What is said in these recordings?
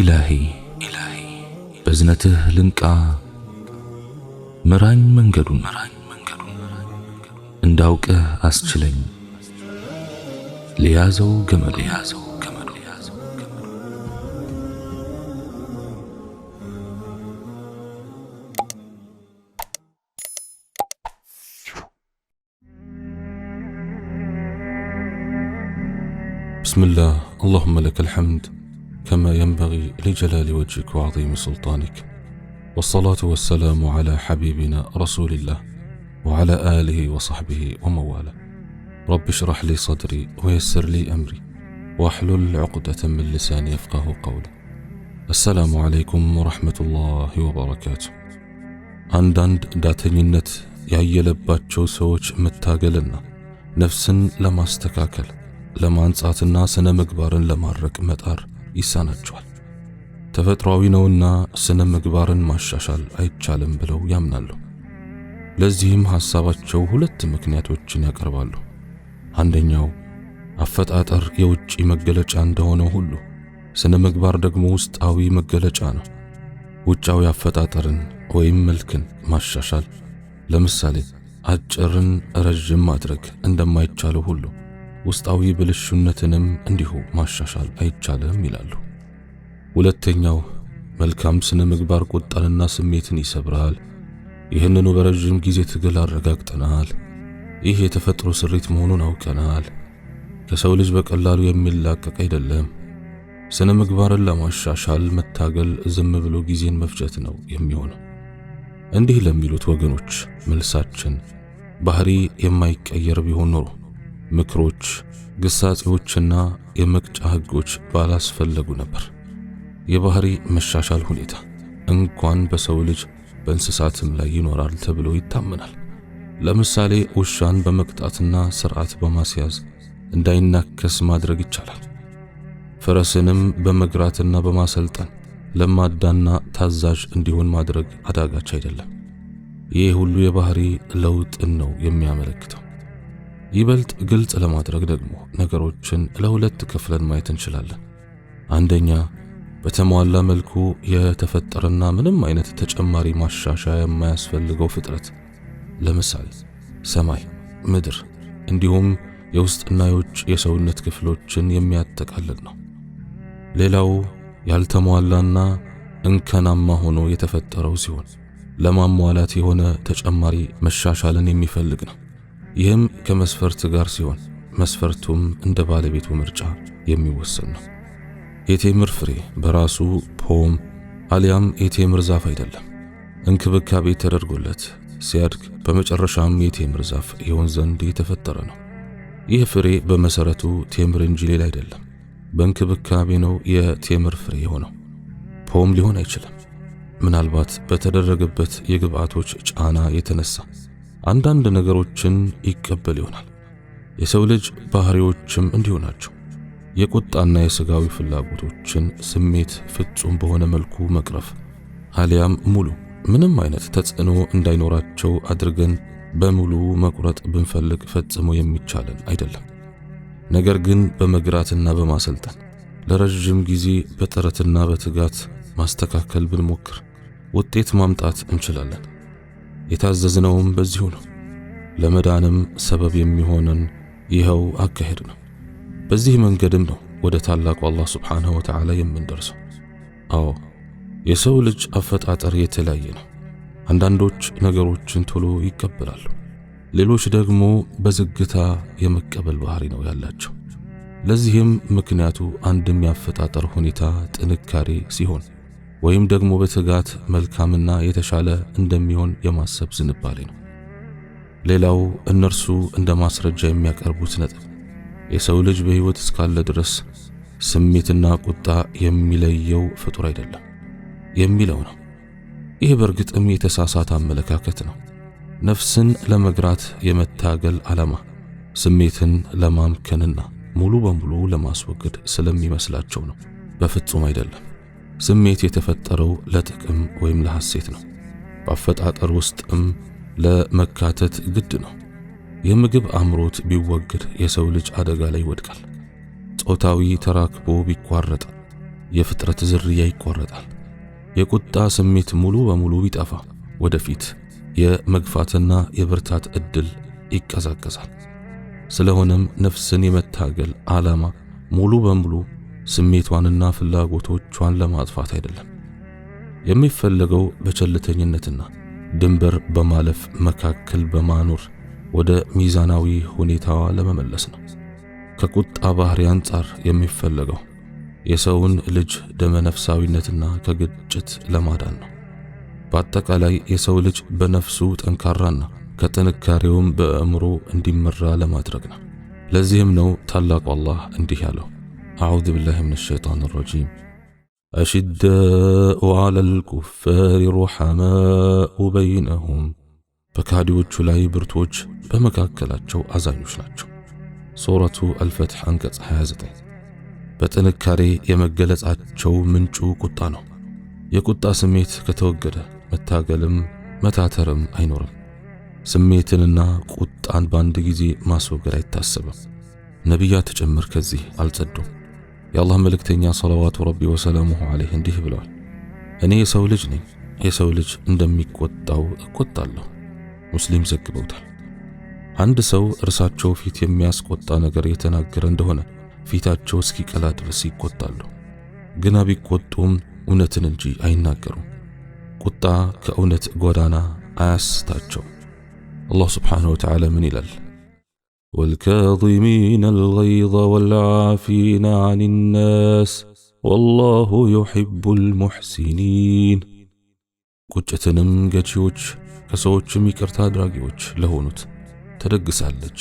إلهي إلهي بزنته لنكا مران منجدو مران منجدو اندوك أسجلين ليازو جمل ليازو جمل ليازو جمل بسم الله اللهم لك الحمد كما ينبغي لجلال وجهك وعظيم سلطانك والصلاه والسلام على حبيبنا رسول الله وعلى اله وصحبه ومواله رب اشرح لي صدري ويسر لي امري واحلل عقده من لساني يفقه قولي السلام عليكم ورحمه الله وبركاته አንዳንድ ዳተኝነት ያየለባቸው ሰዎች መታገልና ነፍስን ለማስተካከል ለማንጻትና ስነ ምግባርን ለማድረቅ መጣር ይሳናቸዋል። ተፈጥሯዊ ነውና ስነ ምግባርን ማሻሻል አይቻልም ብለው ያምናሉ። ለዚህም ሐሳባቸው ሁለት ምክንያቶችን ያቀርባሉ። አንደኛው አፈጣጠር የውጭ መገለጫ እንደሆነ ሁሉ ስነ ምግባር ደግሞ ውስጣዊ መገለጫ ነው። ውጫዊ አፈጣጠርን ወይም መልክን ማሻሻል ለምሳሌ አጭርን ረዥም ማድረግ እንደማይቻለው ሁሉ ውስጣዊ ብልሹነትንም እንዲሁ ማሻሻል አይቻልም ይላሉ። ሁለተኛው መልካም ስነ ምግባር ቁጣንና ስሜትን ይሰብራል። ይህንኑ በረዥም ጊዜ ትግል አረጋግጠናል። ይህ የተፈጥሮ ስሪት መሆኑን አውቀናል። ከሰው ልጅ በቀላሉ የሚላቀቅ አይደለም። ስነ ምግባርን ለማሻሻል መታገል ዝም ብሎ ጊዜን መፍጨት ነው የሚሆነው። እንዲህ ለሚሉት ወገኖች መልሳችን ባህሪ የማይቀየር ቢሆን ኖሮ ምክሮች፣ ግሳጼዎችና የመቅጫ ሕጎች ባላስፈለጉ ነበር። የባህሪ መሻሻል ሁኔታ እንኳን በሰው ልጅ በእንስሳትም ላይ ይኖራል ተብሎ ይታመናል። ለምሳሌ ውሻን በመቅጣትና ስርዓት በማስያዝ እንዳይናከስ ማድረግ ይቻላል። ፈረስንም በመግራትና በማሰልጠን ለማዳና ታዛዥ እንዲሆን ማድረግ አዳጋች አይደለም። ይህ ሁሉ የባህሪ ለውጥን ነው የሚያመለክተው። ይበልጥ ግልጽ ለማድረግ ደግሞ ነገሮችን ለሁለት ክፍለን ማየት እንችላለን። አንደኛ በተሟላ መልኩ የተፈጠረና ምንም አይነት ተጨማሪ ማሻሻያ የማያስፈልገው ፍጥረት፣ ለምሳሌ ሰማይ፣ ምድር እንዲሁም የውስጥና የውጭ የሰውነት ክፍሎችን የሚያጠቃልል ነው። ሌላው ያልተሟላና እንከናማ ሆኖ የተፈጠረው ሲሆን ለማሟላት የሆነ ተጨማሪ መሻሻልን የሚፈልግ ነው። ይህም ከመስፈርት ጋር ሲሆን መስፈርቱም እንደ ባለቤቱ ምርጫ የሚወሰን ነው። የቴምር ፍሬ በራሱ ፖም አሊያም የቴምር ዛፍ አይደለም። እንክብካቤ ተደርጎለት ሲያድግ በመጨረሻም የቴምር ዛፍ ይሆን ዘንድ የተፈጠረ ነው። ይህ ፍሬ በመሰረቱ ቴምር እንጂ ሌላ አይደለም። በእንክብካቤ ነው የቴምር ፍሬ የሆነው። ፖም ሊሆን አይችልም። ምናልባት በተደረገበት የግብአቶች ጫና የተነሳ አንዳንድ ነገሮችን ይቀበል ይሆናል። የሰው ልጅ ባህሪዎችም እንዲሁ ናቸው። የቁጣና የስጋዊ ፍላጎቶችን ስሜት ፍጹም በሆነ መልኩ መቅረፍ አሊያም ሙሉ ምንም አይነት ተጽዕኖ እንዳይኖራቸው አድርገን በሙሉ መቁረጥ ብንፈልግ ፈጽሞ የሚቻለን አይደለም። ነገር ግን በመግራትና በማሰልጠን ለረዥም ጊዜ በጥረትና በትጋት ማስተካከል ብንሞክር ውጤት ማምጣት እንችላለን። የታዘዝነውም በዚሁ ነው። ለመዳንም ሰበብ የሚሆነን ይኸው አካሄድ ነው። በዚህ መንገድም ነው ወደ ታላቁ አላህ ስብሓንሁ ወተዓላ የምንደርሰው። አዎ የሰው ልጅ አፈጣጠር የተለያየ ነው። አንዳንዶች ነገሮችን ቶሎ ይቀበላሉ፣ ሌሎች ደግሞ በዝግታ የመቀበል ባህሪ ነው ያላቸው። ለዚህም ምክንያቱ አንድም የአፈጣጠር ሁኔታ ጥንካሬ ሲሆን ወይም ደግሞ በትጋት መልካምና የተሻለ እንደሚሆን የማሰብ ዝንባሌ ነው። ሌላው እነርሱ እንደ ማስረጃ የሚያቀርቡት ነጥብ የሰው ልጅ በሕይወት እስካለ ድረስ ስሜትና ቁጣ የሚለየው ፍጡር አይደለም የሚለው ነው። ይህ በእርግጥም የተሳሳተ አመለካከት ነው። ነፍስን ለመግራት የመታገል ዓላማ ስሜትን ለማምከንና ሙሉ በሙሉ ለማስወገድ ስለሚመስላቸው ነው። በፍጹም አይደለም። ስሜት የተፈጠረው ለጥቅም ወይም ለሐሴት ነው። በአፈጣጠር ውስጥም ለመካተት ግድ ነው። የምግብ አምሮት ቢወግድ የሰው ልጅ አደጋ ላይ ይወድቃል። ጾታዊ ተራክቦ ቢቋረጥ የፍጥረት ዝርያ ይቋረጣል። የቁጣ ስሜት ሙሉ በሙሉ ቢጠፋ ወደፊት የመግፋትና የብርታት እድል ይቀዛቀዛል። ስለሆነም ነፍስን የመታገል ዓላማ ሙሉ በሙሉ ስሜቷንና ፍላጎቶቿን ለማጥፋት አይደለም። የሚፈለገው በቸልተኝነትና ድንበር በማለፍ መካከል በማኖር ወደ ሚዛናዊ ሁኔታዋ ለመመለስ ነው። ከቁጣ ባህሪ አንጻር የሚፈለገው የሰውን ልጅ ደመነፍሳዊነትና ከግጭት ለማዳን ነው። በአጠቃላይ የሰው ልጅ በነፍሱ ጠንካራና ከጥንካሬውም በእምሮ እንዲመራ ለማድረግ ነው። ለዚህም ነው ታላቁ አላህ እንዲህ ያለው أعوذ بالله من الشيطان الرجيم أشداء على الكفار رحماء بينهم በካዲዎቹ ላይ ብርቶች በመካከላቸው አዛኞች ናቸው። ሱረቱ አልፈትሕ አንቀጽ 29 በጥንካሬ የመገለጻቸው ምንጩ ቁጣ ነው። የቁጣ ስሜት ከተወገደ መታገልም መታተርም አይኖርም። ስሜትንና ቁጣን በአንድ ጊዜ ማስወገድ አይታሰብም። ነቢያት ጭምር ከዚህ አልጸዱም። የአላህ መልእክተኛ ሰለዋቱ ረቢ ወሰላሙሁ ዓለይህ እንዲህ ብለዋል፣ እኔ የሰው ልጅ ነኝ፣ የሰው ልጅ እንደሚቆጣው እቆጣለሁ። ሙስሊም ዘግበውታል። አንድ ሰው እርሳቸው ፊት የሚያስቆጣ ነገር የተናገረ እንደሆነ ፊታቸው እስኪቀላ ድረስ ይቆጣሉ። ግና ቢቆጡም እውነትን እንጂ አይናገሩም። ቁጣ ከእውነት ጎዳና አያስታቸው። አላህ ስብሓነሁ ወተዓላ ምን ይላል? والكاظمين الغيظ والعافين عن الناس والله يحب المحسنين ቁጭትንም ገቺዎች ከሰዎችም ይቅርታ አድራጊዎች ለሆኑት ተደግሳለች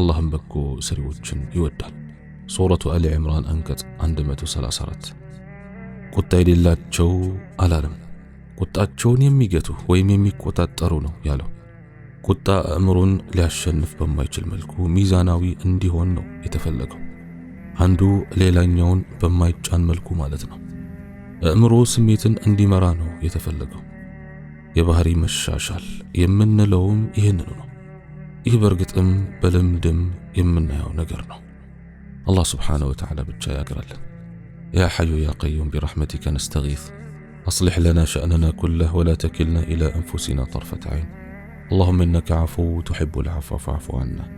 አላህም በጎ ሰሪዎችን ይወዳል ሱረቱ አሊ ዕምራን አንቀጽ 134 ቁጣ የሌላቸው አላለም ቁጣቸውን የሚገቱ ወይም የሚቆጣጠሩ ነው ያለው قطع أمرون لاشنف بمايش الملكو ميزاناوي اندي هونو نو يتفلقو عندو ليلانيون بمايش عن ملكو مالتنا أمرو سميتن اندي مرانو يتفلقو يبهري مشاشال يمن لوم يهننو نو أم بلم دم يمن نقرنو الله سبحانه وتعالى بتشا يقرل يا حي يا قيوم برحمتك نستغيث أصلح لنا شأننا كله ولا تكلنا إلى أنفسنا طرفة عين اللهم إنك عفو تحب العفو فاعف عنا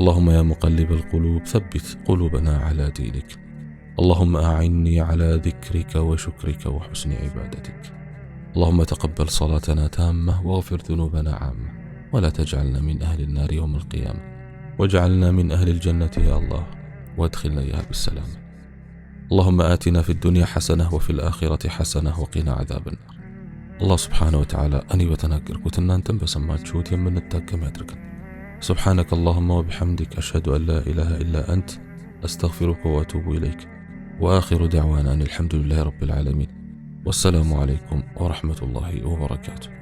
اللهم يا مقلب القلوب ثبت قلوبنا على دينك اللهم أعني على ذكرك وشكرك وحسن عبادتك اللهم تقبل صلاتنا تامة واغفر ذنوبنا عامة ولا تجعلنا من أهل النار يوم القيامة واجعلنا من أهل الجنة يا الله وادخلنا إياها بالسلامة اللهم آتنا في الدنيا حسنة وفي الآخرة حسنة وقنا عذاب النار الله سبحانه وتعالى أني ስብሓነ ወተዓላ እኔ በተናገርኩት እናንተም በሰማችሁት የምንታከም ያድርገን። سبحانك اللهم وبحمدك أشهد أن لا إله إلا أنت أستغفرك وأتوب إليك وآخر دعوانا أن الحمد لله رب العالمين والسلام عليكم ورحمة الله وبركاته